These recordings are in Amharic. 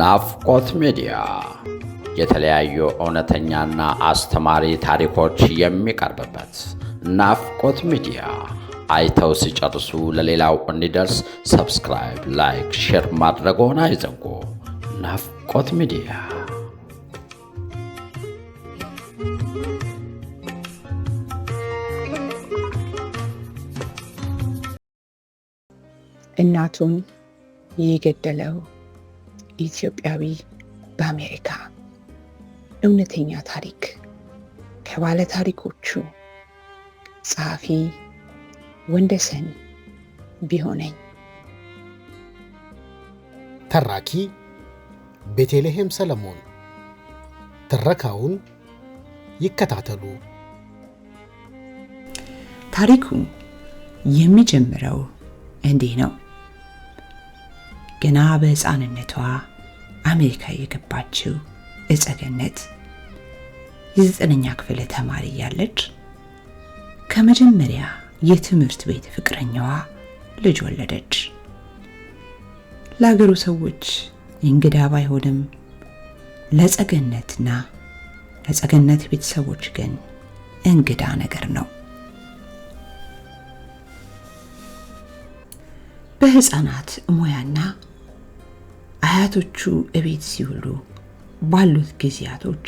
ናፍቆት ሚዲያ የተለያዩ እውነተኛና አስተማሪ ታሪኮች የሚቀርብበት ናፍቆት ሚዲያ። አይተው ሲጨርሱ ለሌላው እንዲደርስ ሰብስክራይብ፣ ላይክ፣ ሼር ማድረግዎን አይዘንጉ። ናፍቆት ሚዲያ እናቱን የገደለው ኢትዮጵያዊ በአሜሪካ እውነተኛ ታሪክ ከባለ ታሪኮቹ ጸሐፊ ወንደሰን ቢሆነኝ፣ ተራኪ ቤተልሔም ሰለሞን። ትረካውን ይከታተሉ። ታሪኩ የሚጀምረው እንዲህ ነው። ገና በሕፃንነቷ አሜሪካ የገባችው ዕፀ የዘጠነኛ ክፍል ተማሪ እያለች ከመጀመሪያ የትምህርት ቤት ፍቅረኛዋ ልጅ ወለደች። ለአገሩ ሰዎች እንግዳ ባይሆንም ለፀገነትና ለጸገነት ቤተሰቦች ግን እንግዳ ነገር ነው። በሕፃናት ሙያና አያቶቹ እቤት ሲውሉ ባሉት ጊዜያቶች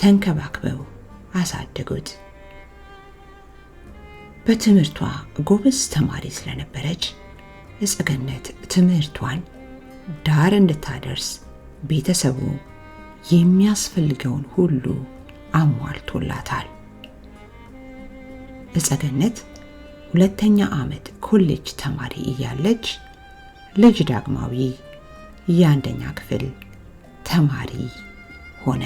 ተንከባክበው አሳደጉት። በትምህርቷ ጎበዝ ተማሪ ስለነበረች እጽገነት ትምህርቷን ዳር እንድታደርስ ቤተሰቡ የሚያስፈልገውን ሁሉ አሟልቶላታል። እጸገነት ሁለተኛ ዓመት ኮሌጅ ተማሪ እያለች ልጅ ዳግማዊ የአንደኛ ክፍል ተማሪ ሆነ።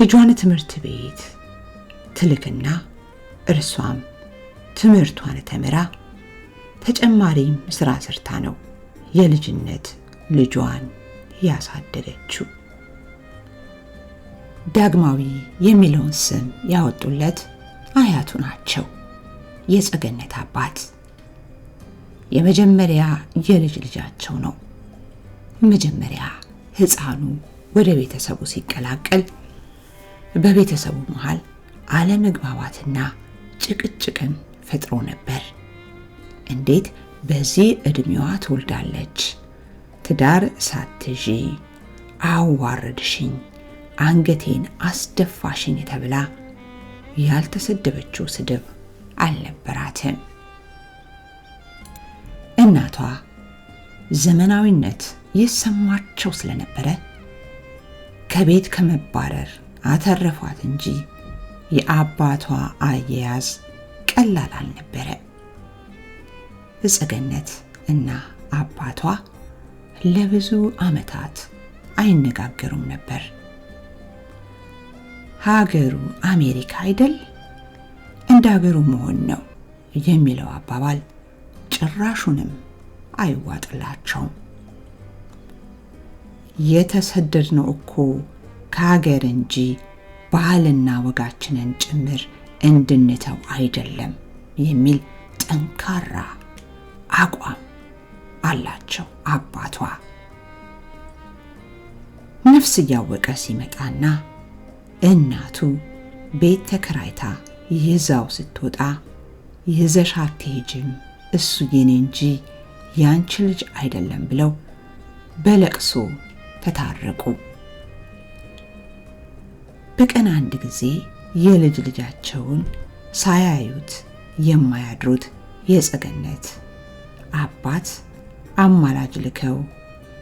ልጇን ትምህርት ቤት ትልክና እርሷም ትምህርቷን ተምራ ተጨማሪም ስራ ሰርታ ነው የልጅነት ልጇን ያሳደገችው። ዳግማዊ የሚለውን ስም ያወጡለት አያቱ ናቸው፣ የጸገነት አባት የመጀመሪያ የልጅ ልጃቸው ነው። መጀመሪያ ሕፃኑ ወደ ቤተሰቡ ሲቀላቀል በቤተሰቡ መሃል አለመግባባትና ጭቅጭቅን ፈጥሮ ነበር። እንዴት በዚህ ዕድሜዋ ትወልዳለች? ትዳር ሳትዢ አዋረድሽኝ፣ አንገቴን አስደፋሽኝ ተብላ ያልተሰደበችው ስድብ አልነበራትም። እናቷ ዘመናዊነት ይሰማቸው ስለነበረ ከቤት ከመባረር አተረፏት እንጂ የአባቷ አያያዝ ቀላል አልነበረ። እጸገነት እና አባቷ ለብዙ ዓመታት አይነጋገሩም ነበር። ሀገሩ አሜሪካ አይደል? እንደ ሀገሩ መሆን ነው የሚለው አባባል ጭራሹንም አይዋጥላቸውም። የተሰደድነው እኮ ከሀገር እንጂ ባህልና ወጋችንን ጭምር እንድንተው አይደለም የሚል ጠንካራ አቋም አላቸው አባቷ። ነፍስ እያወቀ ሲመጣና እናቱ ቤት ተከራይታ ይዛው ስትወጣ ይዘሽ አትሄጂም እሱ የኔ እንጂ ያንቺ ልጅ አይደለም ብለው በለቅሶ ተታረቁ። በቀን አንድ ጊዜ የልጅ ልጃቸውን ሳያዩት የማያድሩት የጸገነት አባት አማላጅ ልከው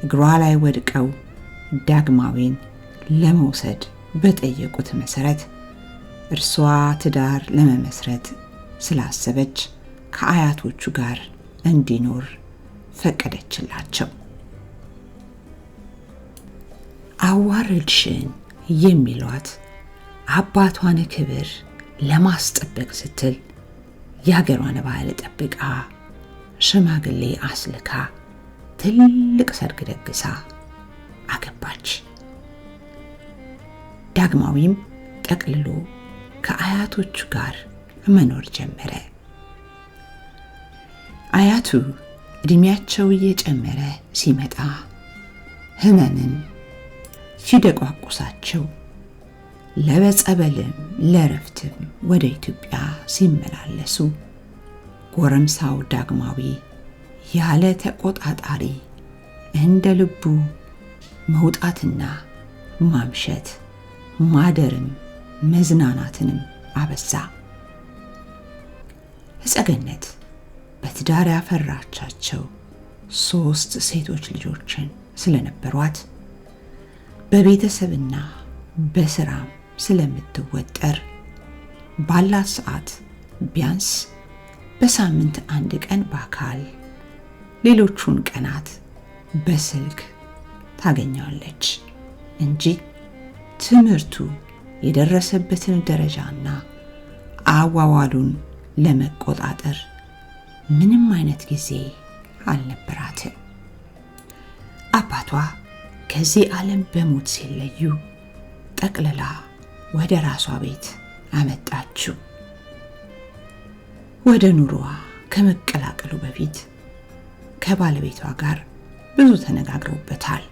እግሯ ላይ ወድቀው ዳግማዊን ለመውሰድ በጠየቁት መሰረት እርሷ ትዳር ለመመስረት ስላሰበች ከአያቶቹ ጋር እንዲኖር ፈቀደችላቸው። አዋረድሽን የሚሏት አባቷን ክብር ለማስጠበቅ ስትል የሀገሯን ባህል ጠብቃ ሽማግሌ አስልካ ትልቅ ሰርግ ደግሳ አገባች። ዳግማዊም ጠቅልሎ ከአያቶቹ ጋር መኖር ጀመረ። አያቱ እድሜያቸው እየጨመረ ሲመጣ ህመምን ሲደቋቁሳቸው ለበጸበልም ለረፍትም ወደ ኢትዮጵያ ሲመላለሱ ጎረምሳው ዳግማዊ ያለ ተቆጣጣሪ እንደ ልቡ መውጣትና ማምሸት ማደርን መዝናናትንም አበዛ። እፀገነት በትዳር ያፈራቻቸው ሶስት ሴቶች ልጆችን ስለነበሯት በቤተሰብና በስራም ስለምትወጠር ባላት ሰዓት ቢያንስ በሳምንት አንድ ቀን በአካል ሌሎቹን ቀናት በስልክ ታገኘዋለች እንጂ ትምህርቱ የደረሰበትን ደረጃና አዋዋሉን ለመቆጣጠር ምንም አይነት ጊዜ አልነበራትም። አባቷ ከዚህ ዓለም በሞት ሲለዩ ጠቅልላ ወደ ራሷ ቤት አመጣችው። ወደ ኑሮዋ ከመቀላቀሉ በፊት ከባለቤቷ ጋር ብዙ ተነጋግረውበታል።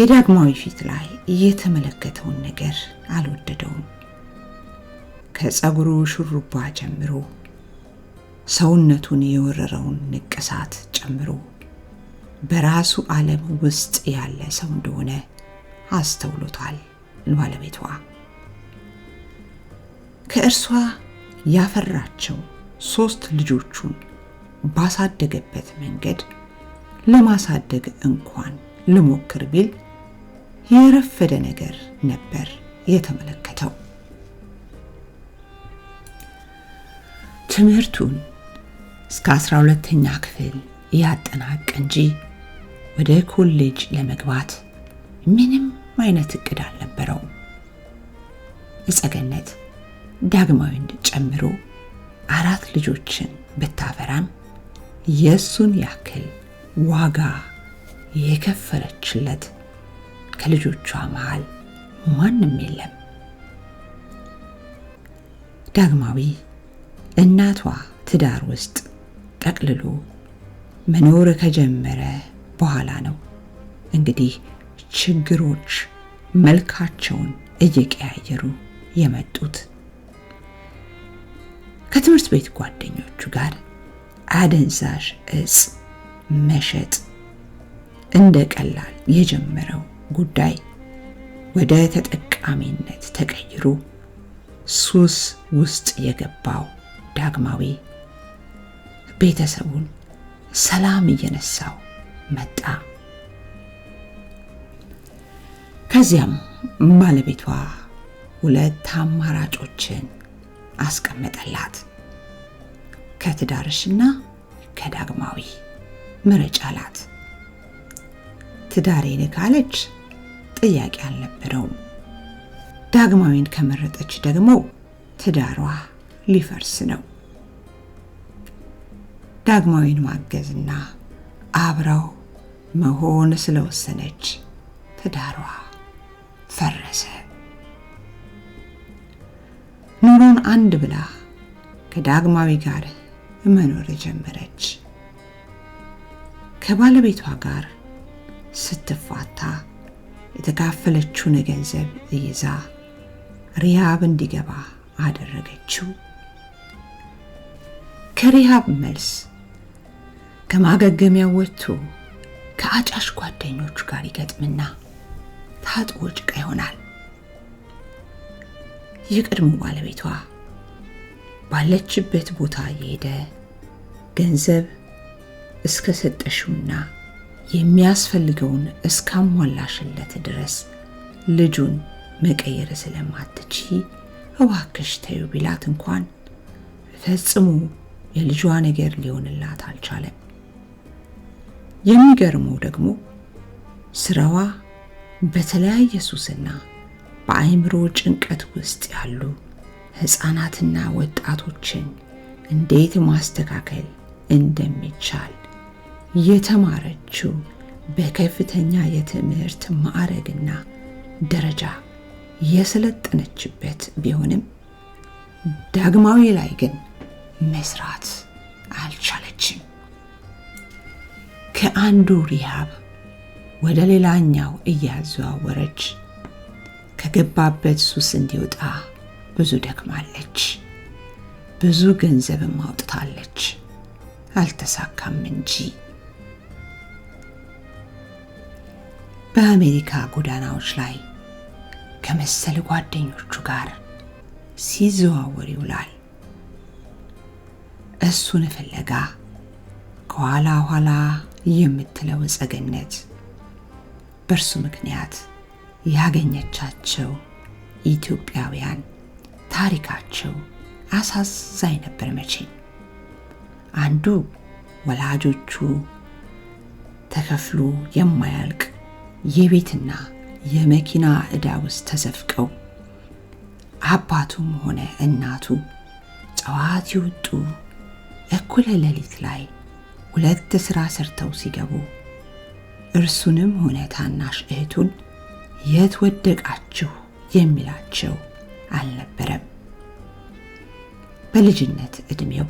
የዳግማዊ ፊት ላይ እየተመለከተውን ነገር አልወደደውም። ከፀጉሩ ሹሩባ ጀምሮ ሰውነቱን የወረረውን ንቅሳት ጨምሮ በራሱ ዓለም ውስጥ ያለ ሰው እንደሆነ አስተውሎታል ባለቤቷ። ከእርሷ ያፈራቸው ሶስት ልጆቹን ባሳደገበት መንገድ ለማሳደግ እንኳን ልሞክር ቢል የረፈደ ነገር ነበር የተመለከተው። ትምህርቱን እስከ 12ኛ ክፍል ያጠናቀ እንጂ ወደ ኮሌጅ ለመግባት ምንም አይነት እቅድ አልነበረውም። እጸገነት ዳግማዊን ጨምሮ አራት ልጆችን ብታፈራም የእሱን ያክል ዋጋ የከፈለችለት ከልጆቿ መሃል ማንም የለም። ዳግማዊ እናቷ ትዳር ውስጥ ጠቅልሎ መኖር ከጀመረ በኋላ ነው እንግዲህ ችግሮች መልካቸውን እየቀያየሩ የመጡት። ከትምህርት ቤት ጓደኞቹ ጋር አደንዛዥ እጽ መሸጥ እንደ ቀላል የጀመረው ጉዳይ ወደ ተጠቃሚነት ተቀይሮ ሱስ ውስጥ የገባው ዳግማዊ ቤተሰቡን ሰላም እየነሳው መጣ። ከዚያም ባለቤቷ ሁለት አማራጮችን አስቀመጠላት። ከትዳርሽና ከዳግማዊ ምረጭ አላት። ትዳሬን ካለች ጥያቄ አልነበረውም። ዳግማዊን ከመረጠች ደግሞ ትዳሯ ሊፈርስ ነው። ዳግማዊን ማገዝና አብረው መሆን ስለወሰነች ትዳሯ ፈረሰ። ኑሮን አንድ ብላ ከዳግማዊ ጋር መኖር ጀመረች። ከባለቤቷ ጋር ስትፋታ የተካፈለችውን ገንዘብ ይዛ ሪያብ እንዲገባ አደረገችው። ከሪሃብ መልስ ከማገገሚያው ወጥቶ ከአጫሽ ጓደኞቹ ጋር ይገጥምና ታጥቦ ጭቃ ይሆናል። የቀድሞ ባለቤቷ ባለችበት ቦታ የሄደ ገንዘብ እስከ ሰጠሽውና የሚያስፈልገውን እስካሟላሽለት ድረስ ልጁን መቀየር ስለማትቺ እባክሽ ተዩ ቢላት እንኳን ፈጽሞ የልጇ ነገር ሊሆንላት አልቻለም። የሚገርመው ደግሞ ስራዋ በተለያየ ሱስና በአእምሮ ጭንቀት ውስጥ ያሉ ሕፃናትና ወጣቶችን እንዴት ማስተካከል እንደሚቻል የተማረችው በከፍተኛ የትምህርት ማዕረግና ደረጃ የሰለጠነችበት ቢሆንም ዳግማዊ ላይ ግን መስራት አልቻለችም። ከአንዱ ሪሃብ ወደ ሌላኛው እያዘዋወረች ከገባበት ሱስ እንዲወጣ ብዙ ደክማለች። ብዙ ገንዘብም አውጥታለች። አልተሳካም እንጂ በአሜሪካ ጎዳናዎች ላይ ከመሰል ጓደኞቹ ጋር ሲዘዋወር ይውላል። እሱን ፍለጋ ከኋላ ኋላ የምትለው ጸገነት በእርሱ ምክንያት ያገኘቻቸው ኢትዮጵያውያን ታሪካቸው አሳዛኝ ነበር። መቼም አንዱ ወላጆቹ ተከፍሎ የማያልቅ የቤትና የመኪና ዕዳ ውስጥ ተዘፍቀው አባቱም ሆነ እናቱ ጠዋት ይወጡ እኩለ ሌሊት ላይ ሁለት ሥራ ሰርተው ሲገቡ እርሱንም ሆነ ታናሽ እህቱን የት ወደቃችሁ የሚላቸው አልነበረም። በልጅነት ዕድሜው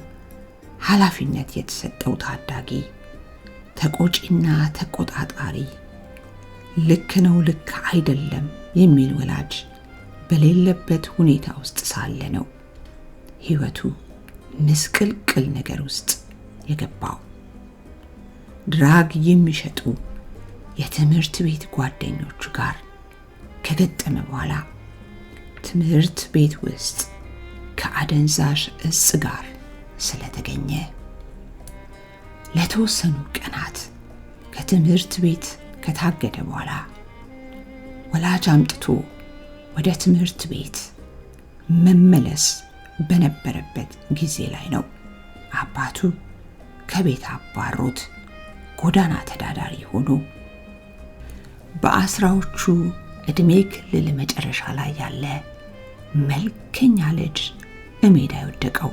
ኃላፊነት የተሰጠው ታዳጊ ተቆጪና ተቆጣጣሪ፣ ልክ ነው ልክ አይደለም የሚል ወላጅ በሌለበት ሁኔታ ውስጥ ሳለ ነው ሕይወቱ ምስቅልቅል ነገር ውስጥ የገባው። ድራግ የሚሸጡ የትምህርት ቤት ጓደኞቹ ጋር ከገጠመ በኋላ ትምህርት ቤት ውስጥ ከአደንዛዥ እጽ ጋር ስለተገኘ ለተወሰኑ ቀናት ከትምህርት ቤት ከታገደ በኋላ ወላጅ አምጥቶ ወደ ትምህርት ቤት መመለስ በነበረበት ጊዜ ላይ ነው አባቱ ከቤት አባሮት ጎዳና ተዳዳሪ ሆኖ በአስራዎቹ ዕድሜ ክልል መጨረሻ ላይ ያለ መልከኛ ልጅ እሜዳ የወደቀው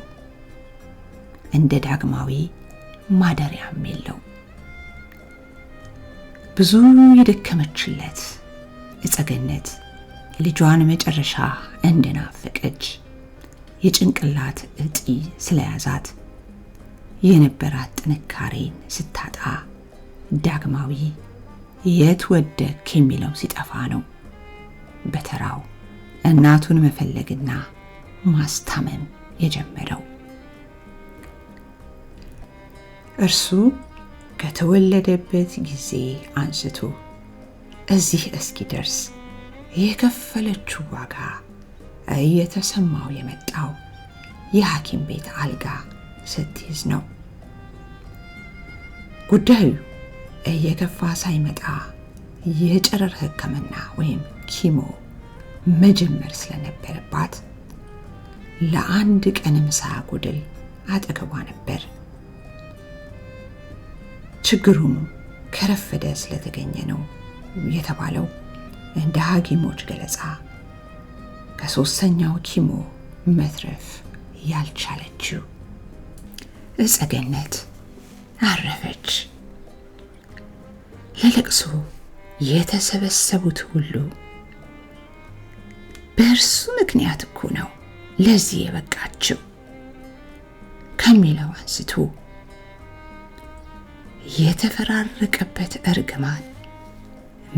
እንደ ዳግማዊ ማደሪያም የለው። ብዙ የደከመችለት እጸገነት ልጇን መጨረሻ እንደናፈቀች የጭንቅላት እጢ ስለያዛት የነበራት ጥንካሬን ስታጣ ዳግማዊ የት ወደክ የሚለው ሲጠፋ ነው በተራው እናቱን መፈለግና ማስታመም የጀመረው። እርሱ ከተወለደበት ጊዜ አንስቶ እዚህ እስኪደርስ የከፈለችው ዋጋ እየተሰማው የመጣው የሐኪም ቤት አልጋ ስትይዝ ነው። ጉዳዩ እየከፋ ሳይመጣ የጨረር ሕክምና ወይም ኪሞ መጀመር ስለነበረባት ለአንድ ምሳ ጎድል አጠገቧ ነበር። ችግሩም ከረፈደ ስለተገኘ ነው የተባለው። እንደ ሐኪሞች ገለጻ ከሶስተኛው ኪሞ መትረፍ ያልቻለችው እጸገነት አረፈች። ለለቅሶ የተሰበሰቡት ሁሉ በእርሱ ምክንያት እኮ ነው ለዚህ የበቃችው ከሚለው አንስቶ የተፈራረቀበት እርግማን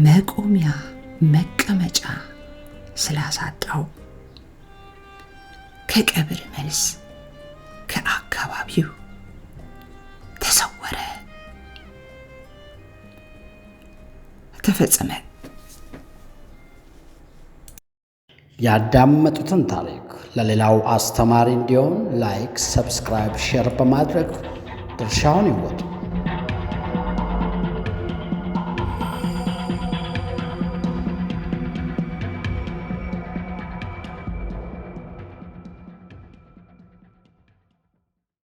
መቆሚያ መቀመጫ ስላሳጣው ከቀብር መልስ ከአካባቢው ተሰወረ። ተፈጸመ። ያዳመጡትን ታሪክ ለሌላው አስተማሪ እንዲሆን ላይክ፣ ሰብስክራይብ፣ ሼር በማድረግ ድርሻውን ይወጡ።